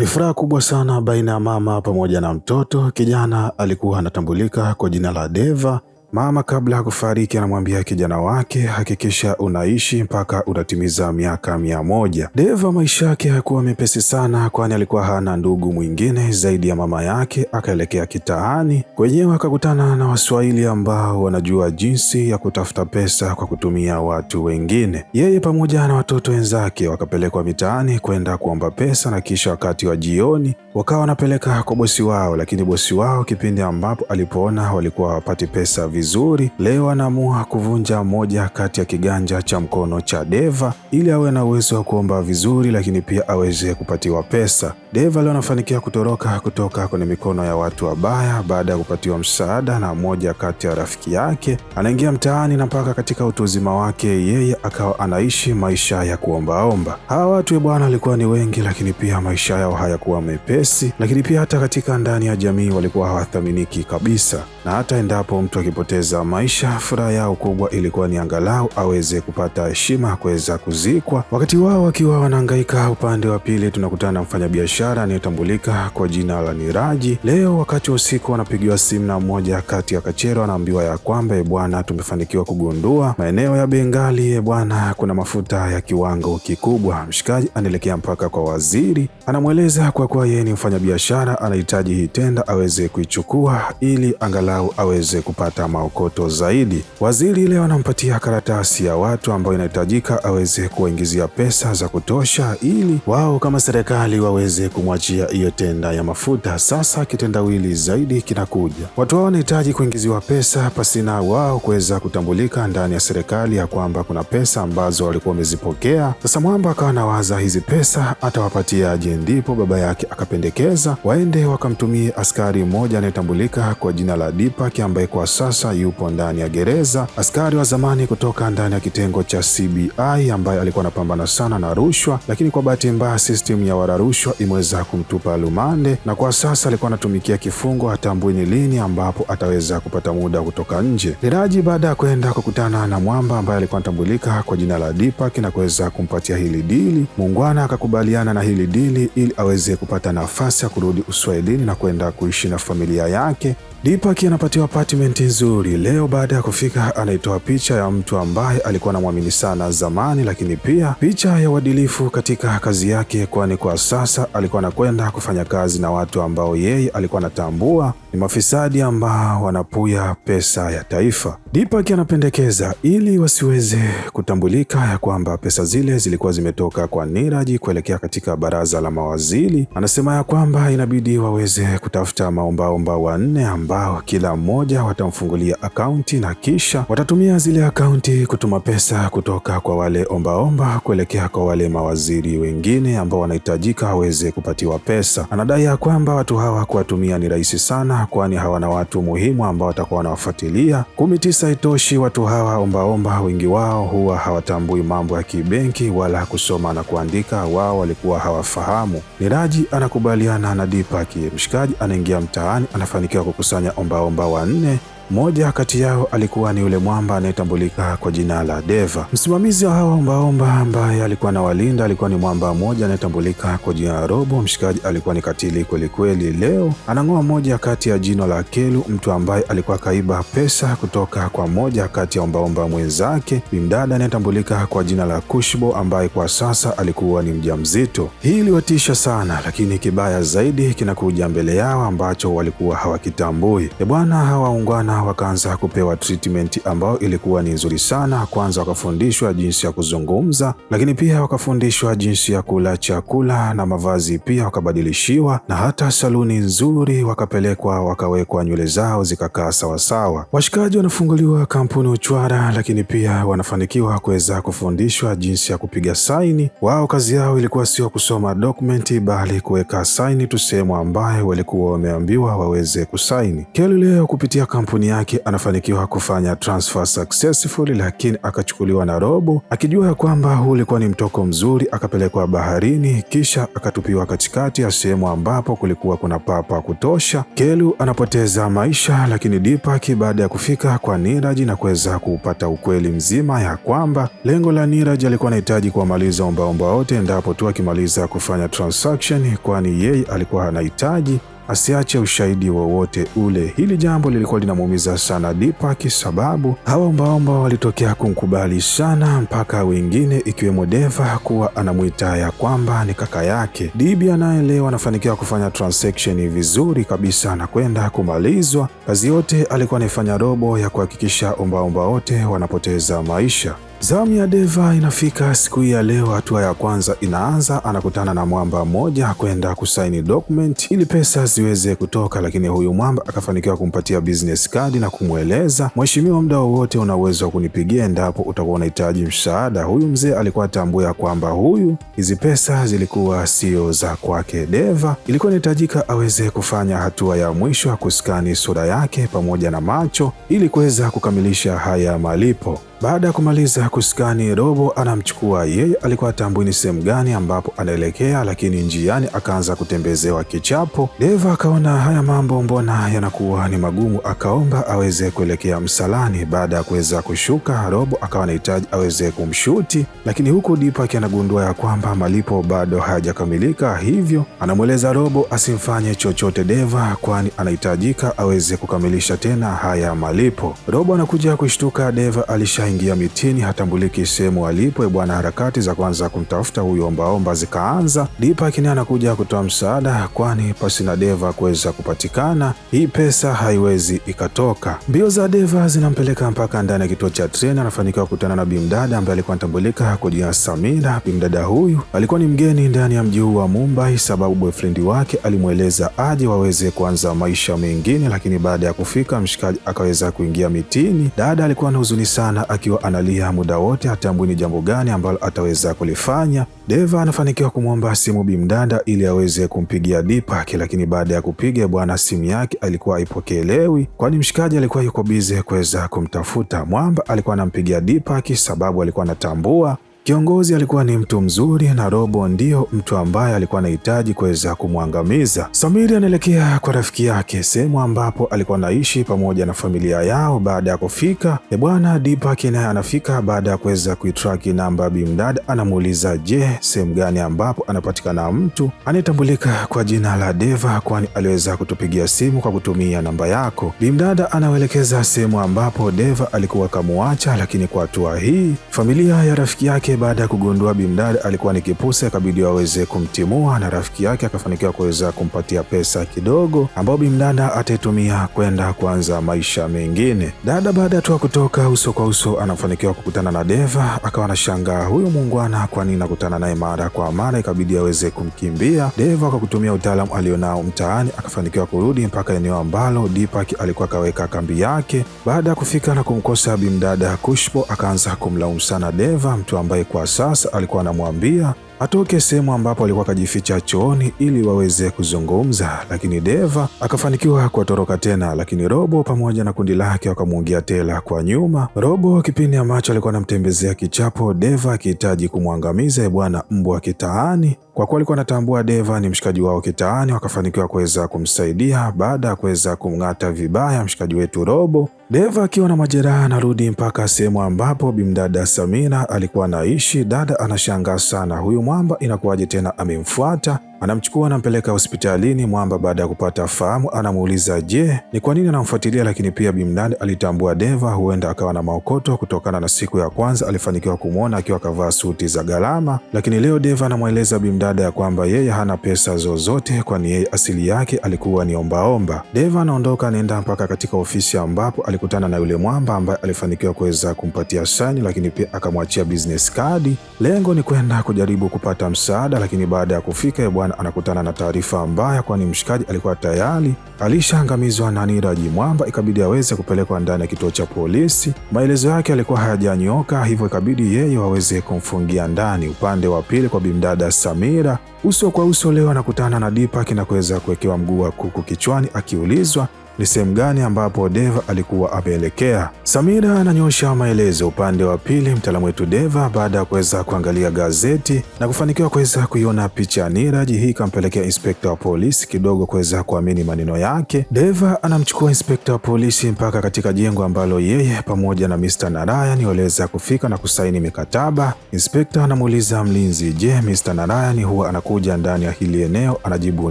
Ni furaha kubwa sana baina ya mama pamoja na mtoto. Kijana alikuwa anatambulika kwa jina la Deva Mama kabla ya kufariki anamwambia kijana wake, hakikisha unaishi mpaka unatimiza miaka mia moja. Deva maisha yake hayakuwa mepesi sana, kwani alikuwa hana ndugu mwingine zaidi ya mama yake. Akaelekea kitaani kwenyewe, akakutana na Waswahili ambao wanajua jinsi ya kutafuta pesa kwa kutumia watu wengine. Yeye pamoja na watoto wenzake wakapelekwa mitaani kwenda kuomba pesa, na kisha wakati wa jioni wakawa wanapeleka kwa bosi wao, lakini bosi wao kipindi ambapo alipoona walikuwa hawapati pesa vi vizuri, leo anaamua kuvunja moja kati ya kiganja cha mkono cha Deva ili awe na uwezo wa kuomba vizuri, lakini pia aweze kupatiwa pesa. Dave leo anafanikiwa kutoroka kutoka kwenye mikono ya watu wabaya baada ya kupatiwa msaada na mmoja kati ya rafiki yake. Anaingia mtaani na mpaka katika utu uzima wake yeye akawa anaishi maisha ya kuombaomba. Hawa watu bwana walikuwa ni wengi, lakini pia maisha yao hayakuwa mepesi, lakini pia hata katika ndani ya jamii walikuwa hawathaminiki kabisa, na hata endapo mtu akipoteza maisha, furaha yao kubwa ilikuwa ni angalau aweze kupata heshima ya kuweza kuzikwa. Wakati wao wakiwa wanahangaika, upande wa pili tunakutana na mfanyabiashara biashara anayetambulika kwa jina la Niraji. Leo wakati wa usiku anapigiwa simu na mmoja kati ya kachero, anaambiwa ya kwamba ebwana, tumefanikiwa kugundua maeneo ya Bengali e bwana, kuna mafuta ya kiwango kikubwa. Mshikaji anaelekea mpaka kwa waziri, anamweleza kwa kuwa yeye ni mfanyabiashara, anahitaji hii tenda aweze kuichukua ili angalau aweze kupata maokoto zaidi. Waziri leo anampatia karatasi ya watu ambayo inahitajika aweze kuwaingizia pesa za kutosha ili wao kama serikali waweze kumwachia hiyo tenda ya mafuta. Sasa kitendawili zaidi kinakuja, watu hao wanahitaji kuingiziwa pesa pasina wao kuweza kutambulika ndani ya serikali ya kwamba kuna pesa ambazo walikuwa wamezipokea. Sasa Mwamba akawa anawaza hizi pesa atawapatiaje? Ndipo baba yake akapendekeza waende wakamtumie askari mmoja anayetambulika kwa jina la Dipak ambaye kwa sasa yupo ndani ya gereza, askari wa zamani kutoka ndani ya kitengo cha CBI ambaye alikuwa anapambana sana na rushwa, lakini kwa bahati mbaya system ya wararushwa ime ameweza kumtupa lumande na kwa sasa alikuwa anatumikia kifungo, hatambui ni lini ambapo ataweza kupata muda wa kutoka nje. Liraji baada ya kwenda kukutana na mwamba ambaye alikuwa anatambulika kwa jina la Dipak na kuweza kumpatia hili dili. Muungwana akakubaliana na hili dili ili aweze kupata nafasi ya kurudi Uswahilini na kwenda kuishi na familia yake. Dipak anapatiwa apartment nzuri leo. Baada ya kufika, anaitoa picha ya mtu ambaye alikuwa anamwamini sana zamani, lakini pia picha ya uadilifu katika kazi yake, kwani kwa sasa alikuwa anakwenda kufanya kazi na watu ambao yeye alikuwa anatambua ni mafisadi ambao wanapuya pesa ya taifa. Deepak anapendekeza ili wasiweze kutambulika ya kwamba pesa zile zilikuwa zimetoka kwa Niraj kuelekea katika baraza la mawaziri. Anasema ya kwamba inabidi waweze kutafuta maombaomba wanne ambao kila mmoja watamfungulia akaunti na kisha watatumia zile akaunti kutuma pesa kutoka kwa wale ombaomba kuelekea kwa wale mawaziri wengine ambao wanahitajika waweze kupatiwa pesa. Anadai ya kwamba watu hawa kuwatumia ni rahisi sana kwani hawana watu muhimu ambao watakuwa wanawafuatilia. kumi tisa. Haitoshi, watu hawa ombaomba wengi wao huwa hawatambui mambo ya kibenki wala kusoma na kuandika, wao walikuwa hawafahamu. Niraji anakubaliana na Dipaki, mshikaji anaingia mtaani, anafanikiwa kukusanya ombaomba wanne mmoja kati yao alikuwa ni yule mwamba anayetambulika kwa jina la Deva. Msimamizi wa hawa ombaomba ambaye alikuwa na walinda alikuwa ni mwamba mmoja anayetambulika kwa jina la Robo. Mshikaji alikuwa ni katili kwelikweli. Leo anang'oa moja kati ya jino la Kelu, mtu ambaye alikuwa kaiba pesa kutoka kwa moja kati ya ombaomba mwenzake, bimdada anayetambulika kwa jina la Kushbo ambaye kwa sasa alikuwa ni mjamzito. Hii iliwatisha sana, lakini kibaya zaidi kinakuja mbele yao ambacho walikuwa hawakitambui. Ebwana, hawaungwana wakaanza kupewa treatment ambayo ilikuwa ni nzuri sana. Kwanza wakafundishwa jinsi ya kuzungumza, lakini pia wakafundishwa jinsi ya kula chakula na mavazi pia wakabadilishiwa, na hata saluni nzuri wakapelekwa, wakawekwa nywele zao zikakaa sawasawa. Washikaji wanafunguliwa kampuni Uchwara, lakini pia wanafanikiwa kuweza kufundishwa jinsi ya kupiga saini. Wao kazi yao ilikuwa sio kusoma dokumenti, bali kuweka saini tu sehemu ambayo walikuwa wameambiwa waweze kusaini. leo kupitia kampuni yake anafanikiwa kufanya transfer successfully, lakini akachukuliwa na robo akijua ya kwamba huu ulikuwa ni mtoko mzuri, akapelekwa baharini, kisha akatupiwa katikati ya sehemu ambapo kulikuwa kuna papa kutosha. Kelu anapoteza maisha, lakini Deepak baada ya kufika kwa Niraj na kuweza kupata ukweli mzima ya kwamba lengo la Niraj alikuwa anahitaji kuwamaliza ombaomba wote, endapo tu akimaliza kufanya transaction, kwani yeye alikuwa anahitaji asiache ushahidi wowote ule. Hili jambo lilikuwa linamuumiza sana Deepak, sababu mbaomba walitokea kumkubali sana, mpaka wengine ikiwemo Deva kuwa anamwita ya kwamba ni kaka yake. Dibi naye leo anafanikiwa kufanya transaction vizuri kabisa na kwenda kumalizwa kazi yote alikuwa anaifanya robo ya kuhakikisha ombaomba wote wanapoteza maisha. Zamu ya Deva inafika siku hii ya leo. Hatua ya kwanza inaanza, anakutana na mwamba mmoja kwenda kusaini document ili pesa ziweze kutoka, lakini huyu mwamba akafanikiwa kumpatia business card na kumweleza, mheshimiwa, muda wowote una uwezo wa kunipigia endapo utakuwa unahitaji msaada. Huyu mzee alikuwa atambua kwamba huyu hizi pesa zilikuwa sio za kwake. Deva ilikuwa inahitajika aweze kufanya hatua ya mwisho ya kuskani sura yake pamoja na macho ili kuweza kukamilisha haya malipo. Baada ya kumaliza kuskani, Robo anamchukua yeye. Alikuwa atambui ni sehemu gani ambapo anaelekea, lakini njiani akaanza kutembezewa kichapo. Deva akaona haya mambo mbona yanakuwa ni magumu, akaomba aweze kuelekea msalani. Baada ya kuweza kushuka, Robo akawa anahitaji aweze kumshuti, lakini huku Dipak anagundua ya kwamba malipo bado hayajakamilika, hivyo anamweleza Robo asimfanye chochote Deva, kwani anahitajika aweze kukamilisha tena haya malipo. Robo anakuja kushtuka Deva alisha aingia mitini, hatambuliki sehemu alipo. E Bwana, harakati za kwanza kumtafuta huyo ombaomba zikaanza. Dipa Kini anakuja kutoa msaada, kwani pasi na Deva kuweza kupatikana hii pesa haiwezi ikatoka. Mbio za Deva zinampeleka mpaka ndani ya kituo cha treni, anafanikiwa kukutana na bimdada ambaye alikuwa anatambulika kwa jina Samira. Bimdada huyu alikuwa ni mgeni ndani ya mji huu wa Mumbai sababu boyfriend wake alimweleza aje waweze kuanza maisha mengine, lakini baada ya kufika mshikaji akaweza kuingia mitini. Dada alikuwa na huzuni sana akiwa analia muda wote, hatambui ni jambo gani ambalo ataweza kulifanya. Deva anafanikiwa kumwomba simu Bimdada ili aweze kumpigia Deepak, lakini baada ya kupiga bwana, simu yake alikuwa haipokelewi, kwani mshikaji alikuwa yuko bize kuweza kumtafuta. Mwamba alikuwa anampigia Deepak sababu alikuwa anatambua Kiongozi alikuwa ni mtu mzuri na Robo ndio mtu ambaye alikuwa anahitaji kuweza kumwangamiza. Samiri anaelekea kwa rafiki yake sehemu ambapo alikuwa anaishi pamoja na familia yao. Baada ya kufika e bwana, Deepak naye anafika baada ya kuweza kuitraki namba Bimdad. Anamuuliza je, sehemu gani ambapo anapatikana mtu anayetambulika kwa jina la Deva, kwani aliweza kutupigia simu kwa kutumia namba yako. Bimdad anawelekeza sehemu ambapo Deva alikuwa kamuacha, lakini kwa hatua hii familia ya rafiki yake yake baada ya kugundua Bimdad alikuwa ni kipusa, akabidi aweze kumtimua na rafiki yake akafanikiwa kuweza kumpatia pesa kidogo ambayo Bimdad ataitumia kwenda kuanza maisha mengine. Dada baada ya tu kutoka uso kwa uso anafanikiwa kukutana na Deva, akawa anashangaa huyu mungwana kwani nakutana naye mara kwa mara, ikabidi aweze kumkimbia Deva. Kwa kutumia utaalamu alionao mtaani, akafanikiwa kurudi mpaka eneo ambalo Dipak alikuwa akaweka kambi yake. Baada ya kufika na kumkosa Bimdada, Kushbo akaanza kumlaumu sana Deva, mtu ambaye ambaye kwa sasa alikuwa anamwambia atoke sehemu ambapo alikuwa akajificha chooni ili waweze kuzungumza, lakini Deva akafanikiwa kuwatoroka tena, lakini Robo pamoja na kundi lake wakamwungia tela kwa nyuma. Robo kipindi ambacho alikuwa anamtembezea kichapo Deva akihitaji kumwangamiza ee bwana mbwa kitaani, kwa kuwa alikuwa anatambua Deva ni mshikaji wao kitaani, wakafanikiwa kuweza kumsaidia baada ya kuweza kumng'ata vibaya mshikaji wetu Robo Deva akiwa na majeraha anarudi mpaka sehemu ambapo bimdada Samina alikuwa anaishi. Dada anashangaa sana, huyu mwamba inakuwaje tena amemfuata Anamchukua anampeleka hospitalini. Mwamba baada ya kupata fahamu anamuuliza je, ni kwa nini anamfuatilia? Lakini pia Bimnani alitambua Deva huenda akawa na maokoto kutokana na siku ya kwanza alifanikiwa kumwona akiwa akavaa suti za gharama, lakini leo Deva anamweleza Bimdada ya kwamba yeye hana pesa zozote, kwani yeye asili yake alikuwa ni ombaomba. Deva anaondoka anaenda mpaka katika ofisi ambapo alikutana na yule Mwamba ambaye alifanikiwa kuweza kumpatia saini, lakini pia akamwachia business kadi. Lengo ni kwenda kujaribu kupata msaada, lakini baada ya kufika bwana an, anakutana na taarifa mbaya, kwani mshikaji alikuwa tayari alishaangamizwa na Niraji Mwamba, ikabidi aweze kupelekwa ndani ya kituo cha polisi. Maelezo yake yalikuwa hayajanyoka, hivyo ikabidi yeye waweze kumfungia ndani. Upande wa pili kwa bimdada Samira, uso kwa uso, leo anakutana na Deepak na kuweza kuwekewa mguu wa kuku kichwani, akiulizwa ni sehemu gani ambapo Deva alikuwa ameelekea. Samira ananyosha maelezo upande wa pili. Mtaalamu wetu Deva baada ya kuweza kuangalia gazeti na kufanikiwa kuweza kuiona picha ya Niraj, hii ikampelekea inspekta wa polisi kidogo kuweza kuamini maneno yake. Deva anamchukua inspekta wa polisi mpaka katika jengo ambalo yeye pamoja na Mr. Narayan waliweza kufika na kusaini mikataba. Inspekta anamuuliza mlinzi, je, Mr. Narayan huwa anakuja ndani ya hili eneo? Anajibu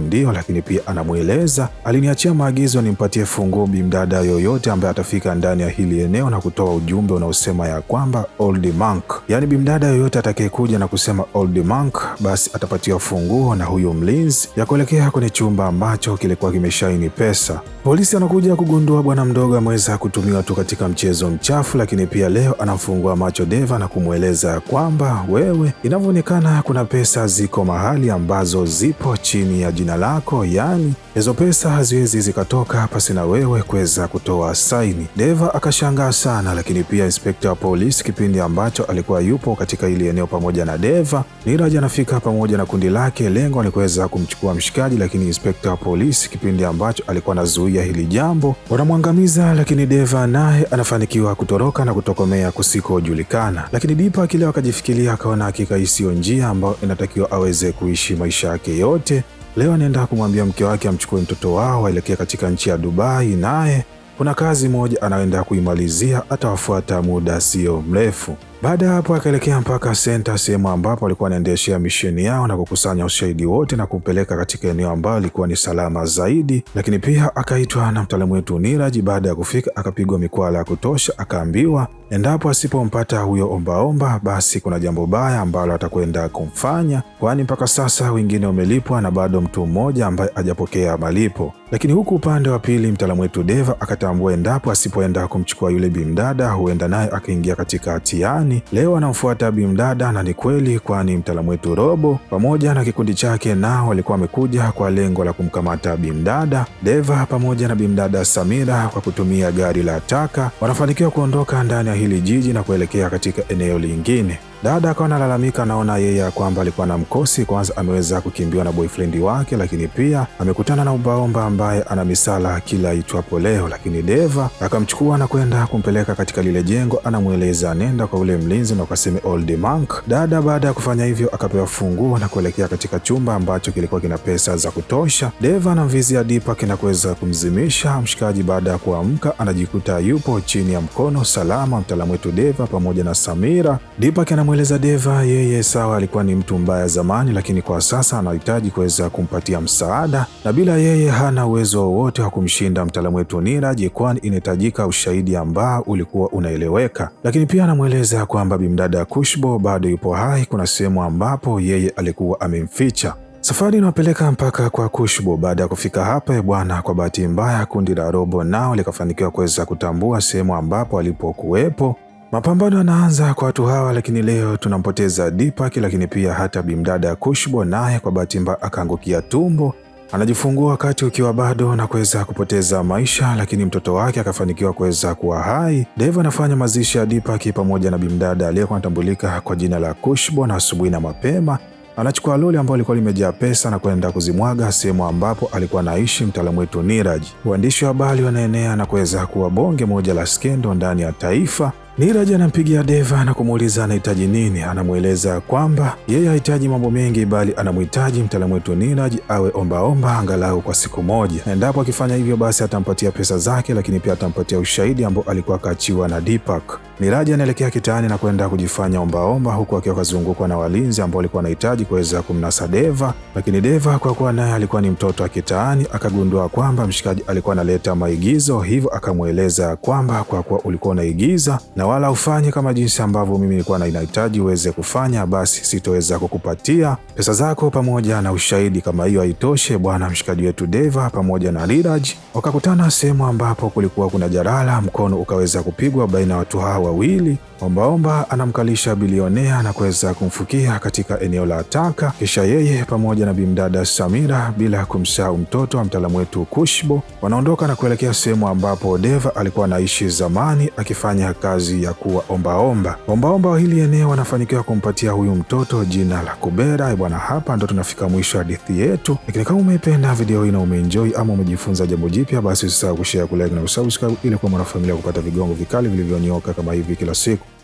ndio, lakini pia anamweleza aliniachia maagizo nimpatie Sefu funguo bimdada yoyote ambaye atafika ndani ya hili eneo na kutoa ujumbe unaosema ya kwamba Old Monk, yaani bimdada yoyote atakayekuja na kusema Old Monk, basi atapatiwa funguo na huyo mlinzi ya kuelekea kwenye chumba ambacho kilikuwa kimeshaini pesa. Polisi anakuja kugundua bwana mdogo ameweza kutumiwa tu katika mchezo mchafu, lakini pia leo anamfungua macho Deva na kumweleza kwamba wewe, inavyoonekana kuna pesa ziko mahali ambazo zipo chini ya jina lako, yaani hizo pesa haziwezi zikatoka hapa nafasi na wewe kuweza kutoa saini. Deva akashangaa sana, lakini pia inspekta wa polisi kipindi ambacho alikuwa yupo katika hili eneo pamoja na Deva, Niraj anafika pamoja na kundi lake. Lengo ni kuweza kumchukua mshikaji, lakini inspekta wa polisi kipindi ambacho alikuwa anazuia hili jambo wanamwangamiza, lakini Deva naye anafanikiwa kutoroka na kutokomea kusikojulikana. Lakini Dipa kile akajifikiria, akaona hakika isiyo njia ambayo inatakiwa aweze kuishi maisha yake yote. Leo anaenda kumwambia mke wake amchukue mtoto wao aelekea katika nchi ya Dubai, naye kuna kazi moja anaenda kuimalizia, atawafuata muda sio mrefu. Baada ya hapo akaelekea mpaka senta, sehemu ambapo alikuwa anaendeshea misheni yao na kukusanya ushahidi wote na kumpeleka katika eneo ambalo ilikuwa ni salama zaidi. Lakini pia akaitwa na mtaalamu wetu Niraj. Baada ya kufika, akapigwa mikwala ya kutosha, akaambiwa endapo asipompata huyo ombaomba, basi kuna jambo baya ambalo atakwenda kumfanya, kwani mpaka sasa wengine wamelipwa na bado mtu mmoja ambaye hajapokea malipo. Lakini huku upande wa pili, mtaalamu wetu Deva akatambua endapo asipoenda kumchukua yule bimdada, huenda naye akaingia katika hatiani Marekani leo anamfuata bimdada, na ni kweli, kwani mtaalamu wetu Robo pamoja na kikundi chake nao walikuwa wamekuja kwa lengo la kumkamata bimdada Deva pamoja na bimdada Samira. Kwa kutumia gari la taka wanafanikiwa kuondoka ndani ya hili jiji na kuelekea katika eneo lingine. Dada akawa analalamika, anaona yeye ya kwamba alikuwa na mkosi kwanza, ameweza kukimbiwa na boyfriend wake, lakini pia amekutana na ombaomba ambaye ana misala kila itwapo leo. Lakini Deva akamchukua na kwenda kumpeleka katika lile jengo, anamweleza nenda kwa ule mlinzi na ukaseme old monk. Dada baada ya kufanya hivyo akapewa funguo na kuelekea katika chumba ambacho kilikuwa kina pesa za kutosha. Deva anamvizia Dipak na kuweza kumzimisha mshikaji. Baada ya kuamka, anajikuta yupo chini ya mkono salama mtaalamu wetu Deva pamoja na Samira. Dipak Anamweleza Deva yeye sawa alikuwa ni mtu mbaya zamani, lakini kwa sasa anahitaji kuweza kumpatia msaada, na bila yeye hana uwezo wowote wa kumshinda mtaalamu wetu nira kwani inahitajika ushahidi ambao ulikuwa unaeleweka. Lakini pia anamweleza kwamba bimdada ya Kushbo bado yupo hai, kuna sehemu ambapo yeye alikuwa amemficha. Safari inawapeleka mpaka kwa Kushbo. Baada ya kufika hapa, e bwana, kwa bahati mbaya kundi la robo nao likafanikiwa kuweza kutambua sehemu ambapo alipokuwepo Mapambano yanaanza kwa watu hawa, lakini leo tunampoteza Deepak, lakini pia hata bimdada Kushbo naye kwa bahati mbaya akaangukia tumbo, anajifungua wakati ukiwa bado na kuweza kupoteza maisha, lakini mtoto wake akafanikiwa kuweza kuwa hai. Dave anafanya mazishi ya Deepak pamoja na bimdada aliyekuwa anatambulika kwa jina la Kushbo, na asubuhi na mapema anachukua lori ambayo ilikuwa limejaa pesa na kwenda kuzimwaga sehemu ambapo alikuwa anaishi mtaalamu wetu Niraj. Waandishi wa habari wanaenea na kuweza kuwa bonge moja la skendo ndani ya taifa Niraj anampigia Deva na kumuuliza anahitaji nini. Anamweleza kwamba yeye hahitaji mambo mengi, bali anamhitaji mtaalamu wetu Niraj awe ombaomba angalau kwa siku moja, endapo akifanya hivyo, basi atampatia pesa zake, lakini pia atampatia ushahidi ambao alikuwa akaachiwa na Deepak. Niraj anaelekea kitaani na kwenda kujifanya ombaomba, huku akiwa akazungukwa na walinzi ambao walikuwa wanahitaji kuweza kumnasa Deva, lakini Deva kwa kuwa naye alikuwa ni mtoto wa kitaani, akagundua kwamba mshikaji alikuwa analeta maigizo, hivyo akamweleza kwamba kwa kuwa ulikuwa unaigiza na wala ufanye kama jinsi ambavyo mimi nilikuwa na inahitaji uweze kufanya, basi sitoweza kukupatia pesa zako. Pamoja na ushahidi kama hiyo haitoshe, bwana mshikaji wetu Deva pamoja na Liraj wakakutana sehemu ambapo kulikuwa kuna jarala, mkono ukaweza kupigwa baina ya watu hawa wawili. Ombaomba anamkalisha bilionea na kuweza kumfukia katika eneo la taka, kisha yeye pamoja na bimdada Samira bila kumsahau mtoto wa mtaalamu wetu Kushbo wanaondoka na kuelekea sehemu ambapo Deva alikuwa anaishi zamani akifanya kazi maamuzi ya kuwa ombaomba ombaomba wa hili eneo wanafanikiwa kumpatia huyu mtoto jina la Kubera. Bwana, hapa ndo tunafika mwisho hadithi yetu, lakini kama umeipenda video hii na umeenjoy ama umejifunza jambo jipya, basi usisahau kushare, kulike na kusubscribe ili kuwa mwanafamilia kupata vigongo vikali vilivyonyoka kama hivi kila siku.